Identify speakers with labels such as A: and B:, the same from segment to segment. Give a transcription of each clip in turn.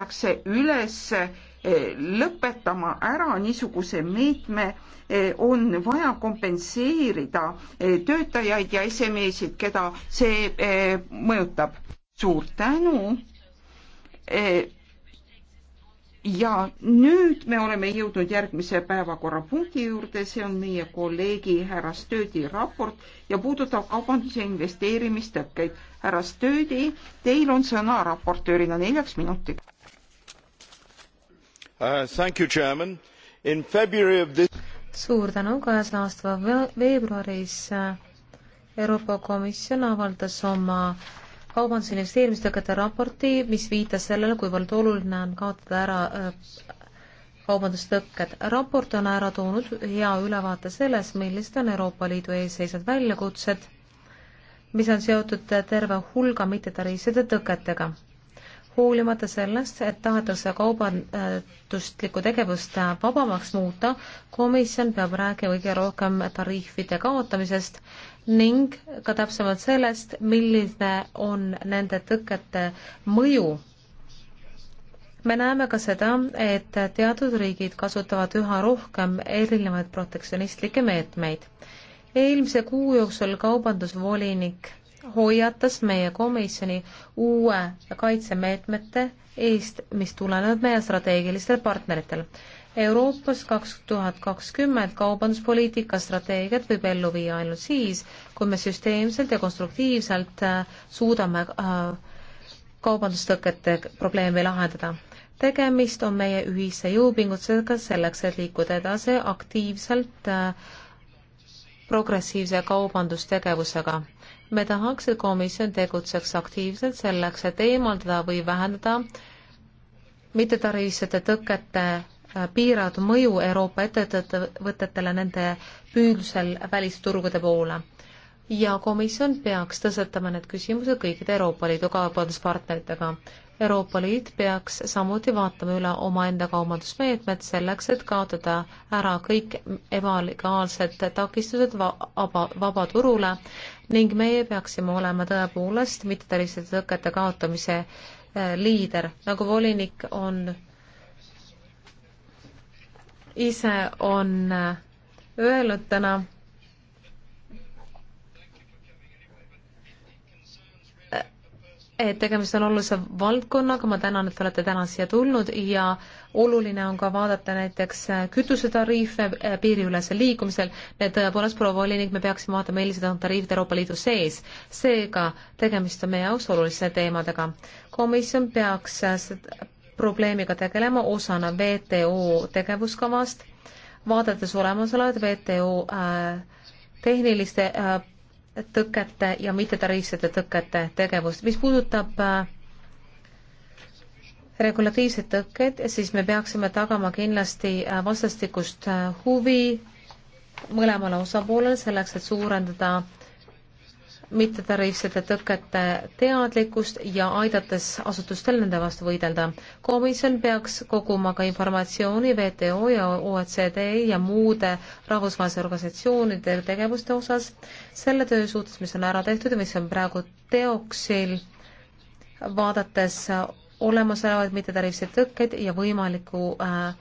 A: kutsutakse üles eh, lõpetama ära niisuguse meetme, eh, on vaja kompenseerida eh, töötajaid ja SME-sid, keda see mõjutab. suur tänu. ja nüüd me oleme jõudnud järgmise päevakorrapunkti juurde, see on meie kolleegi härra Stöödi raport ja puudutab kaubanduse investeerimistõkkeid. härra Stöödi, teil on sõna raportöörina neljaks minutiks uh,. This...
B: suur tänu, käesoleva aasta veebruaris äh, Euroopa Komisjon avaldas oma kaubandus- ja investeerimistegevuse raporti, mis viitas sellele, kuivõrd oluline on kaotada ära äh, kaubandustõkked. raport on ära toonud hea ülevaate sellest, millised on Euroopa Liidu ees seisvad väljakutsed, mis on seotud terve hulga mittetariifsete tõketega hoolimata sellest, et tahetakse kaubanduslikku tegevust vabamaks muuta, komisjon peab rääkima kõige rohkem tariifide kaotamisest ning ka täpsemalt sellest, milline on nende tõkete mõju. me näeme ka seda, et teatud riigid kasutavad üha rohkem erinevaid protektsionistlikke meetmeid. eelmise kuu jooksul kaubandusvolinik hoiatas meie komisjoni uue kaitsemeetmete eest, mis tulenevad meie strateegilistel partneritel. Euroopas kaks tuhat kakskümmend kaubanduspoliitika strateegiat võib ellu viia ainult siis, kui me süsteemselt ja konstruktiivselt äh, suudame äh, kaubandustõkete probleemi lahendada. tegemist on meie ühise jõupingutusega selleks, et liikuda edasi aktiivselt äh, progressiivse kaubandustegevusega me tahaks, et komisjon tegutseks aktiivselt selleks, et eemaldada või vähendada mittetariifsete tõkete äh, piiratud mõju Euroopa ettevõtetele nende püüdlusel välisturgude poole. ja komisjon peaks tõstatama need küsimused kõikide Euroopa Liidu kaubanduspartneritega. Euroopa Liit peaks samuti vaatama üle omaenda kaubandusmeetmed selleks, et kaotada ära kõik ebalegaalsed takistused vaba, vabaturule ning meie peaksime olema tõepoolest mittetaristuste tõkete kaotamise eh, liider, nagu volinik on, ise on eh, öelnud täna et tegemist on olulise valdkonnaga, ma tänan, et te olete täna siia tulnud ja oluline on ka vaadata näiteks kütusetariife eh, piiriülesel liikumisel, need tõepoolest, proua volinik, me peaksime vaatama, millised on tariifid Euroopa Liidu sees. seega tegemist on meie jaoks oluliste teemadega. komisjon peaks eh, probleemiga tegelema osana WTO tegevuskavast, vaadates olemasolevat WTO äh, tehniliste äh, tõkete ja mittetariifsete tõkete tegevust. mis puudutab äh, regulatiivseid tõkkeid, siis me peaksime tagama kindlasti äh, vastastikust äh, huvi mõlemale osapoolele selleks, et suurendada mittetariifsete tõkete teadlikkust ja aidates asutustel nende vastu võidelda. komisjon peaks koguma ka informatsiooni WTO ja OECD ja muude rahvusvaheliste organisatsioonide tegevuste osas selle töö suhtes, mis on ära tehtud ja mis on praegu teoksil, vaadates olemasolevaid mittetariifseid tõkkeid ja võimaliku äh,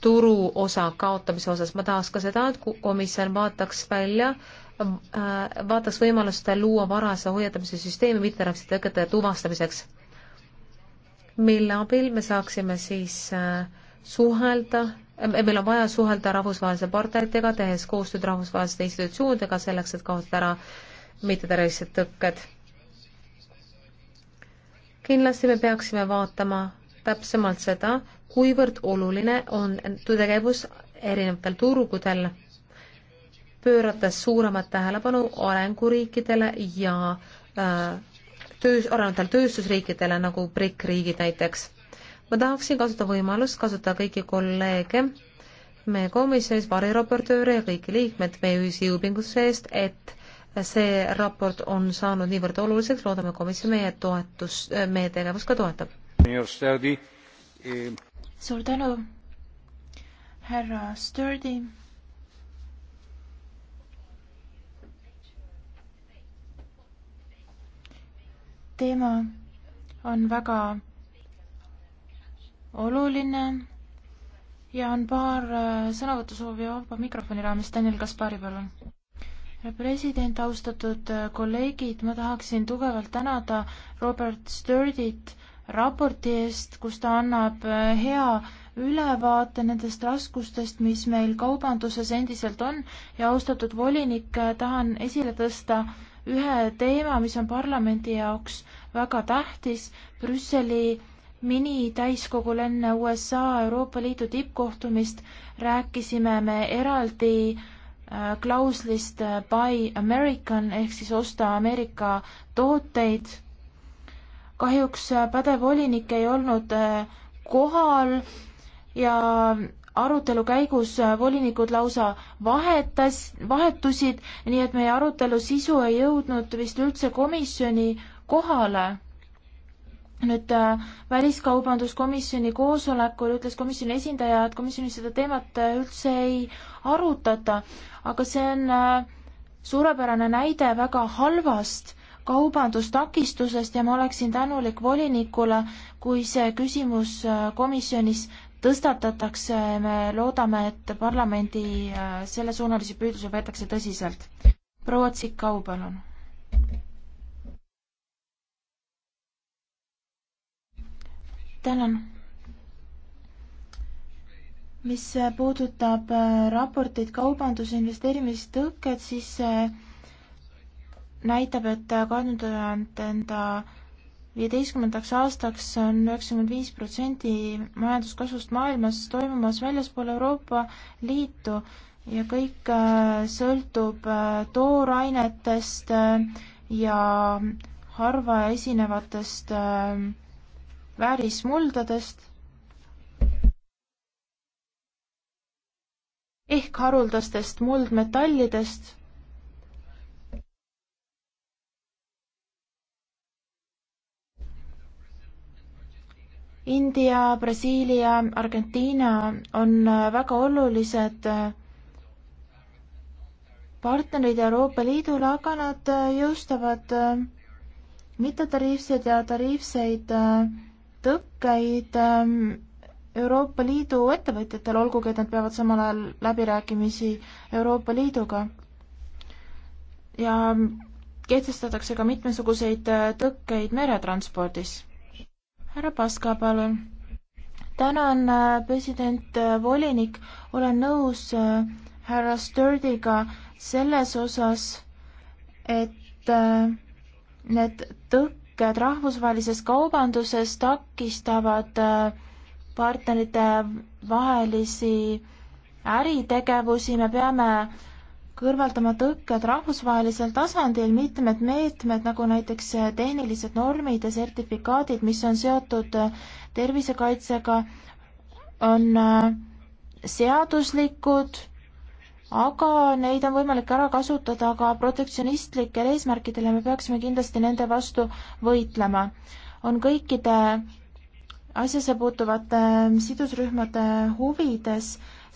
B: turuosa kaotamise osas. ma tahaks ka seda, et komisjon vaataks välja äh, Äh, vaataks võimalust luua varase hoiatamise süsteemi mittearvestite õpetaja tuvastamiseks, mille abil me saaksime siis äh, suhelda, äh, meil on vaja suhelda rahvusvahelise partneritega, tehes koostööd rahvusvaheliste institutsioonidega selleks, et kaotada ära mittetervised tõkked. kindlasti me peaksime vaatama täpsemalt seda, kuivõrd oluline on tegevus erinevatel turgudel pöörates suuremat tähelepanu arenguriikidele ja äh, töös, arenevatele tööstusriikidele nagu BRIC riigid näiteks. ma tahaksin kasutada võimalust kasutada kõiki kolleege, meie komisjonis variraportööre ja kõiki liikmeid meie ühise jõupingutuse eest, et see raport on saanud niivõrd oluliseks, loodame komisjon meie toetus, äh, meie tegevust ka toetab. Eh, suur tänu, härra
A: Sturdy teema on väga oluline ja on paar äh, sõnavõtusoovi vaba mikrofoni raames. Daniel Kaspari, palun. president, austatud äh, kolleegid, ma tahaksin tugevalt tänada Robert Sturdit raporti eest, kus ta annab äh, hea ülevaate nendest raskustest, mis meil kaubanduses endiselt on ja austatud volinik, tahan esile tõsta ühe teema, mis on parlamendi jaoks väga tähtis, Brüsseli minitäiskogul enne USA Euroopa Liidu tippkohtumist rääkisime me eraldi äh, klauslist äh, Buy American ehk siis osta Ameerika tooteid. kahjuks äh, pädev volinik ei olnud kohal ja arutelu käigus äh, volinikud lausa vahetas, vahetusid, nii et meie arutelu sisu ei jõudnud vist üldse komisjoni kohale. nüüd äh, Väliskaubanduskomisjoni koosolekul ütles komisjoni esindaja, et komisjonis seda teemat äh, üldse ei arutata, aga see on suurepärane näide väga halvast kaubandustakistusest ja ma oleksin tänulik volinikule, kui see küsimus komisjonis tõstatatakse, me loodame, et parlamendi äh, sellesuunalisi püüdlusi võetakse tõsiselt. proua Tsikau, palun. tänan. mis puudutab äh, raporteid kaubanduse investeerimistõkked, siis see äh, näitab, et kahe tuhande enda viieteistkümnendaks aastaks on üheksakümmend viis protsenti majanduskasvust maailmas toimumas väljaspool Euroopa Liitu ja kõik äh, sõltub äh, toorainetest äh, ja harva esinevatest väärismuldadest. ehk haruldastest muldmetallidest India, Brasiilia, Argentiina on väga olulised äh, partnerid Euroopa Liidule, aga nad äh, jõustavad äh, mittetariifseid ja tariifseid tõkkeid Euroopa Liidu ettevõtjatel, olgugi et nad peavad samal ajal läbirääkimisi Euroopa Liiduga. ja kehtestatakse ka mitmesuguseid tõkkeid meretranspordis härra Paska, palun. tänan, äh, president, äh, volinik, olen nõus äh, härra Sturdiga selles osas, et need tõkked rahvusvahelises kaubanduses takistavad partnerite vahelisi äritegevusi, me peame kõrvaldama tõkked rahvusvahelisel tasandil, mitmed meetmed, nagu näiteks eh, tehnilised normid ja sertifikaadid, mis on seotud eh, tervisekaitsega, on eh, seaduslikud, aga neid on võimalik ära kasutada ka protektsionistlikel eesmärkidel ja me peaksime kindlasti nende vastu võitlema. on kõikide asjasse puutuvate sidusrühmade huvides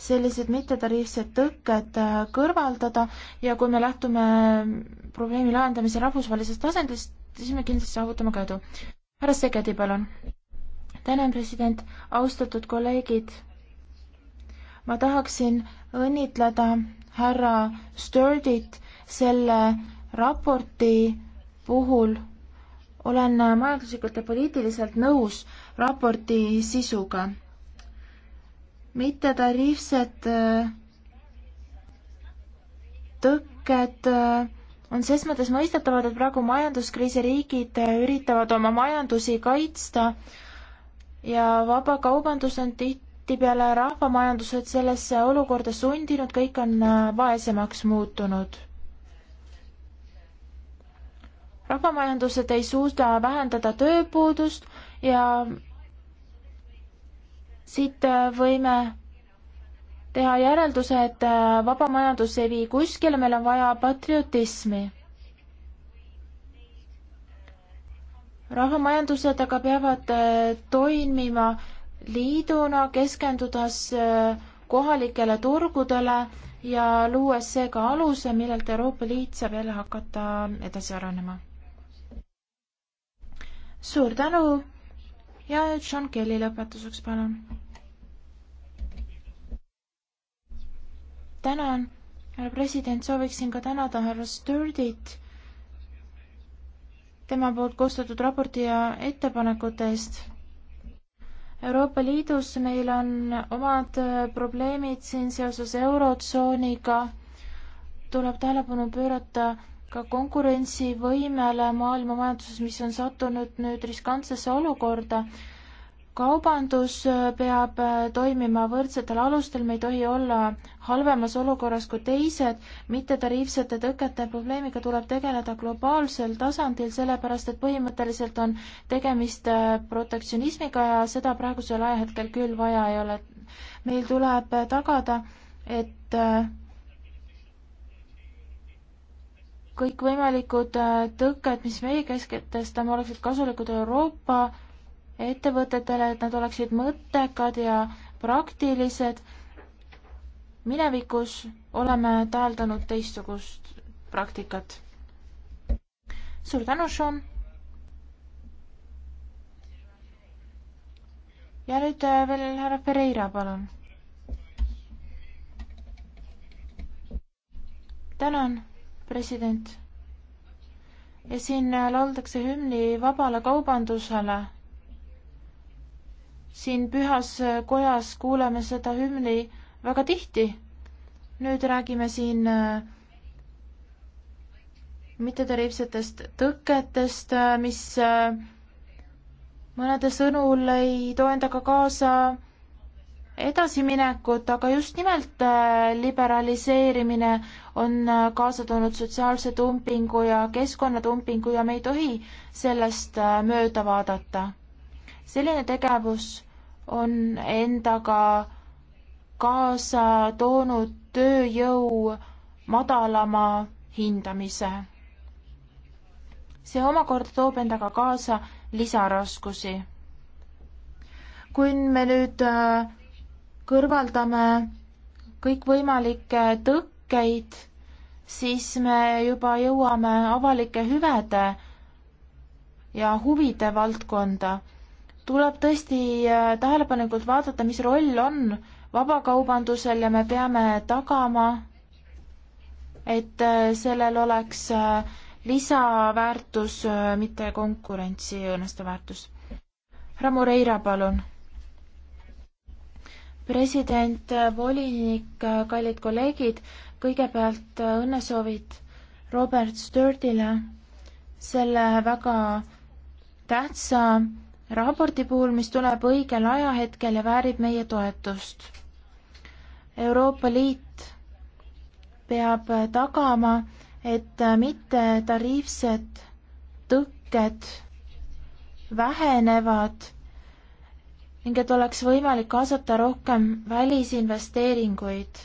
A: sellised mittetariifsed tõkked äh, kõrvaldada ja kui me lähtume probleemi lahendamise rahvusvahelisest tasandist, siis me kindlasti saavutame ka edu. härra Segedi, palun. tänan, president, austatud kolleegid. ma tahaksin õnnitleda härra Sturdit selle raporti puhul olen majanduslikult ja poliitiliselt nõus raporti sisuga mittetariifsed äh, tõkked äh, on ses mõttes mõistetavad, et praegu majanduskriisi riigid äh, üritavad oma majandusi kaitsta ja vabakaubandus on tihtipeale rahvamajandused sellesse olukorda sundinud, kõik on vaesemaks muutunud. rahvamajandused ei suuda vähendada tööpuudust ja siit äh, võime teha järelduse, et äh, vaba majandus ei vii kuskile, meil on vaja patriotismi. rahvamajandused aga peavad äh, toimima liiduna, keskendudes kohalikele turgudele ja luues seega aluse, millelt Euroopa Liit saab jälle hakata edasi arenema. suur tänu ja John Kelly lõpetuseks, palun tänan, härra president, sooviksin ka tänada härra Sturdit tema poolt koostatud raporti ja ettepanekute eest. Euroopa Liidus meil on omad äh, probleemid siin seoses Eurotsooniga, tuleb tähelepanu pöörata ka konkurentsivõimele maailma majanduses, mis on sattunud nüüd riskantsesse olukorda kaubandus äh, peab äh, toimima võrdsetel alustel, me ei tohi olla halvemas olukorras kui teised, mittetariifsete tõkete probleemiga tuleb tegeleda globaalsel tasandil, sellepärast et põhimõtteliselt on tegemist äh, protektsionismiga ja seda praegusel ajahetkel küll vaja ei ole. meil tuleb tagada, et kõikvõimalikud tõkked, mis meie kesketest on, oleksid kasulikud Euroopa ettevõtetele, et nad oleksid mõttekad ja praktilised. minevikus oleme täheldanud teistsugust praktikat. suur tänu, Sean. ja nüüd äh, veel härra Pereira, palun. tänan, president ja siin äh, lauldakse hümni vabale kaubandusele siin pühas kojas kuuleme seda hümni väga tihti. nüüd räägime siin äh, mittetariifsetest tõketest, äh, mis äh, mõnede sõnul ei too endaga kaasa edasiminekut, aga just nimelt liberaliseerimine on kaasa toonud sotsiaalse dumpingu ja keskkonnadumpingu ja me ei tohi sellest mööda vaadata. selline tegevus on endaga kaasa toonud tööjõu madalama hindamise. see omakorda toob endaga kaasa lisaraskusi. kui me nüüd äh, kõrvaldame kõikvõimalikke tõkkeid, siis me juba jõuame avalike hüvede ja huvide valdkonda tuleb tõesti äh, tähelepanelikult vaadata, mis roll on vabakaubandusel ja me peame tagama, et äh, sellel oleks äh, lisaväärtus, mitte konkurentsi õõnestav väärtus. härra Moreira, palun. president, volinik, kallid kolleegid, kõigepealt õnnesoovid Robert Sturdile selle väga tähtsa raporti puhul, mis tuleb õigel ajahetkel ja väärib meie toetust. Euroopa Liit peab tagama, et mittetariifsed tõkked vähenevad ning et oleks võimalik kaasata rohkem välisinvesteeringuid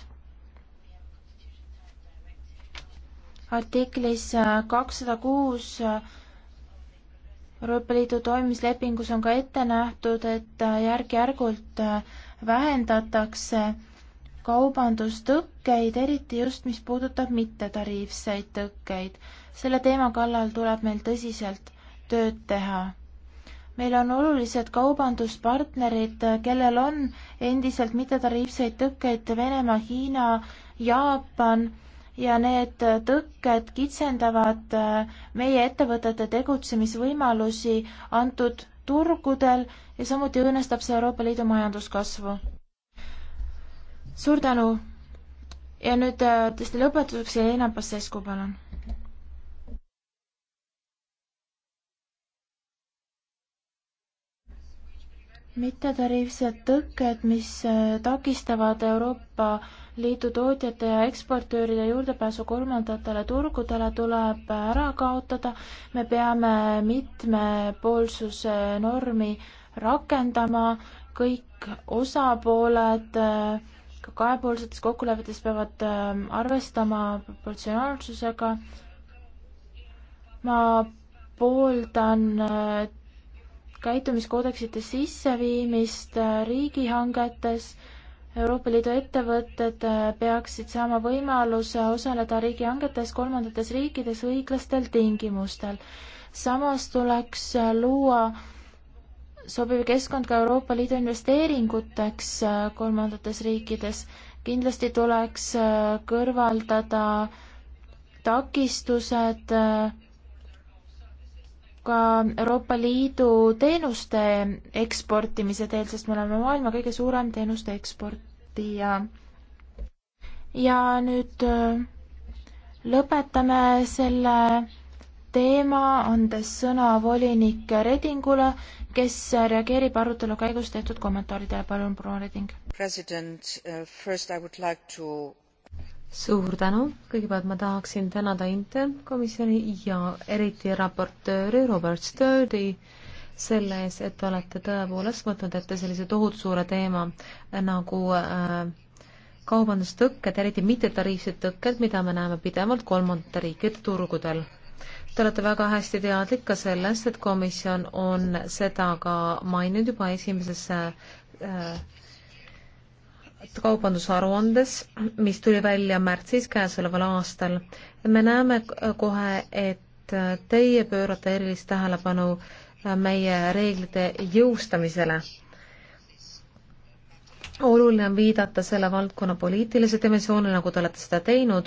A: artiklis kakssada kuus Euroopa Liidu toimimislepingus on ka ette nähtud, et järk-järgult vähendatakse kaubandustõkkeid, eriti just, mis puudutab mittetariifseid tõkkeid. selle teema kallal tuleb meil tõsiselt tööd teha. meil on olulised kaubanduspartnerid, kellel on endiselt mittetariifseid tõkkeid Venemaa, Hiina, Jaapan ja need tõkked kitsendavad äh, meie ettevõtete tegutsemisvõimalusi antud turgudel ja samuti õõnestab see Euroopa Liidu majanduskasvu. suur tänu! ja nüüd äh, tõesti lõpetuseks Jelena Pasescu, palun mittetariifsed tõkked, mis äh, takistavad Euroopa Liidu tootjate ja eksportööride juurdepääsu kolmandatele turgudele tuleb äh, ära kaotada. me peame mitmepoolsuse normi rakendama, kõik osapooled äh, ka kahepoolsetes kokkulepetes peavad arvestama proportsionaalsusega. ma pooldan käitumiskoodeksite sisseviimist riigihangetes. Euroopa Liidu ettevõtted äh, peaksid saama võimaluse osaleda riigihangetes kolmandates riikides õiglastel tingimustel. samas tuleks äh, luua sobiv keskkond ka Euroopa Liidu investeeringuteks äh, kolmandates riikides. kindlasti tuleks kõrvaldada takistused äh, ka Euroopa Liidu teenuste eksportimise teel, sest me oleme maailma kõige suurem teenuste eksportija. ja nüüd äh, lõpetame selle teema, andes sõna volinik Redingule, kes reageerib arutelu käigus tehtud kommentaaridele. palun, proua Reding.
B: president, äh, first I would like to suur tänu, kõigepealt ma tahaksin tänada Interkomisjoni ja eriti raportööri Robert Sturdi selle eest, et te olete tõepoolest võtnud ette sellise tohutu suure teema nagu äh, kaubandustõkked, eriti mittetariifsed tõkked, mida me näeme pidevalt kolmandate riikide turgudel. Te olete väga hästi teadlik ka sellest, et komisjon on seda ka maininud juba esimeses äh, kaubandusaruandes, mis tuli välja märtsis käesoleval aastal. me näeme kohe, et teie pöörate erilist tähelepanu meie reeglite jõustamisele. oluline on viidata selle valdkonna poliitilise dimensiooni, nagu te olete seda teinud.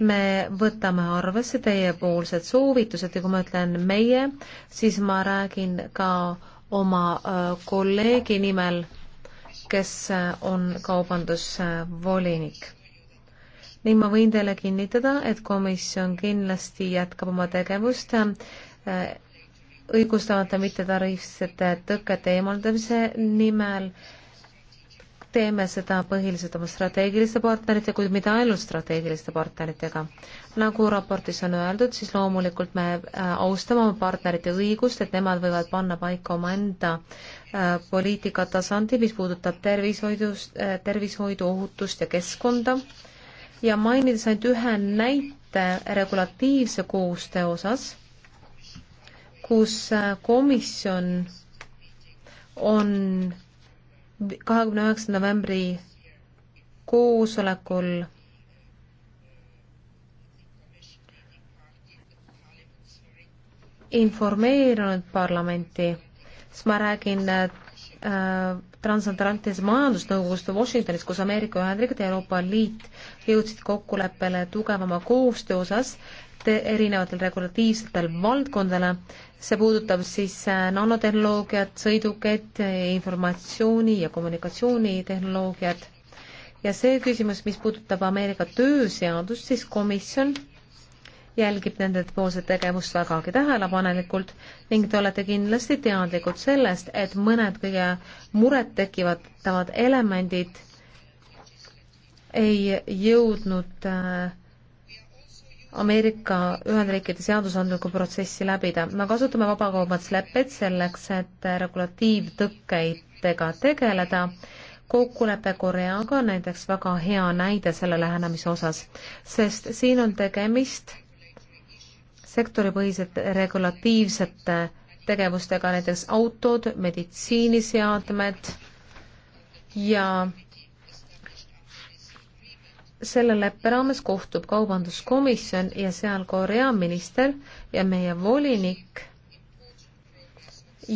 B: me võtame arvesse teiepoolsed soovitused ja kui ma ütlen meie, siis ma räägin ka oma äh, kolleegi nimel kes äh, on kaubandusvolinik. ning ma võin teile kinnitada, et komisjon kindlasti jätkab oma tegevust äh, õigustamata mittetariifsete tõkete eemaldamise nimel äh, teeme seda põhiliselt oma strateegiliste partnerite, kuid mitte ainult strateegiliste partneritega. nagu raportis on öeldud, siis loomulikult me äh, austame oma partnerite õigust, et nemad võivad panna paika omaenda äh, poliitika tasandi, mis puudutab tervishoidust, äh, tervishoidu, ohutust ja keskkonda ja mainides ainult ühe näite regulatiivse koostöö osas, kus komisjon on kahekümne üheksa novembri koosolekul informeerinud parlamenti, siis ma räägin äh, transatlantilise majandusnõukogust Washingtonis, kus Ameerika Ühendriigid ja Euroopa Liit jõudsid kokkuleppele tugevama koostöö osas erinevatele regulatiivsetele valdkondadele. see puudutab siis äh, nanotehnoloogiat, sõidukeid, äh, informatsiooni ja kommunikatsioonitehnoloogiat. ja see küsimus, mis puudutab Ameerika tööseadust, siis komisjon jälgib nende poolset tegevust vägagi tähelepanelikult ning te olete kindlasti teadlikud sellest, et mõned kõige murettekitavad elemendid ei jõudnud äh, Ameerika Ühendriikide seadusandlikku protsessi läbida. me kasutame vabakaubanduslepet selleks, et regulatiivtõkkeidega tegeleda. kokkulepe Koreaga on näiteks väga hea näide selle lähenemise osas, sest siin on tegemist sektoripõhisete regulatiivsete tegevustega, näiteks autod, meditsiiniseadmed ja selle leppe raames kohtub Kaubanduskomisjon ja seal Korea minister ja meie volinik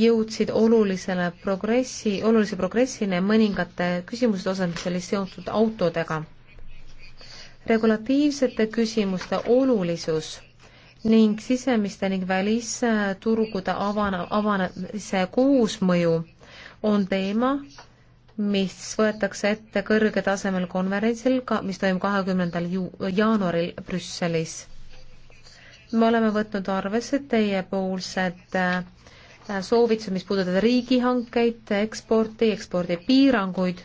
B: jõudsid olulisele progressi, olulise progressini mõningate küsimuste osas, mis olid seotud autodega. regulatiivsete küsimuste olulisus ning sisemiste ning välisturgude avane, avanemise koosmõju on teema, mis võetakse ette kõrge tasemel konverentsil, mis toimub kahekümnendal ju-, jaanuaril Brüsselis. me oleme võtnud arvesse teiepoolsed äh, soovitused, mis puudutavad riigihankeid, eksporti, ekspordipiiranguid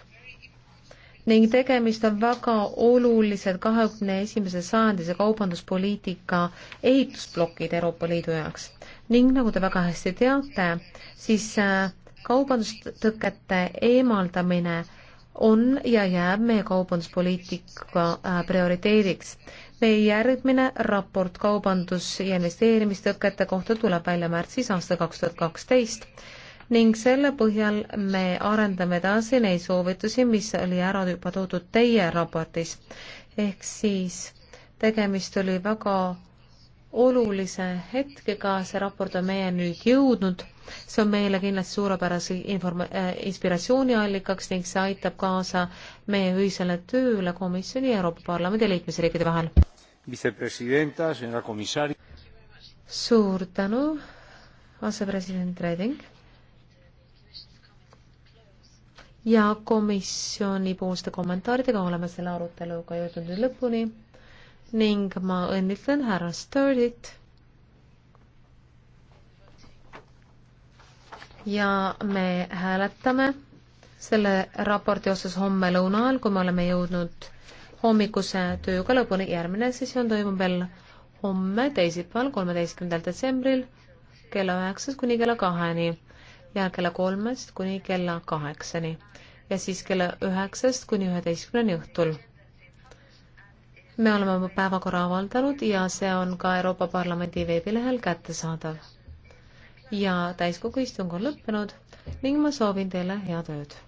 B: ning tegemist on väga olulised kahekümne esimese sajandise kaubanduspoliitika ehitusplokid Euroopa Liidu jaoks. ning nagu te väga hästi teate, siis äh, kaubandustõkete eemaldamine on ja jääb meie kaubanduspoliitika äh, prioriteediks. meie järgmine raport kaubandus- ja investeerimistõkete kohta tuleb välja märtsis aastal kaks tuhat kaksteist ning selle põhjal me arendame edasi neid soovitusi, mis oli ära juba toodud teie raportis. ehk siis tegemist oli väga olulise hetkega, see raport on meie nüüd jõudnud, see on meile kindlasti suurepärase inform-, äh, inspiratsiooniallikaks ning see aitab kaasa meie ühisele tööle komisjoni ja Euroopa Parlamendi liikmesriikide vahel. suur tänu, asepresident Reding. ja komisjonipoolste kommentaaridega oleme selle aruteluga jõudnud nüüd lõpuni ning ma õnnitlen härra Sturdit. ja me hääletame selle raporti osas homme lõuna ajal, kui me oleme jõudnud hommikuse tööga lõpuni. järgmine sessioon toimub veel homme, teisipäeval, kolmeteistkümnendal detsembril kella üheksast kuni kella kaheni ja kella kolmest kuni kella kaheksani ja siis kella üheksast kuni üheteistkümneni õhtul me oleme oma päevakorra avaldanud ja see on ka Euroopa Parlamendi veebilehel kättesaadav. ja täiskogu istung on lõppenud ning ma soovin teile head ööd!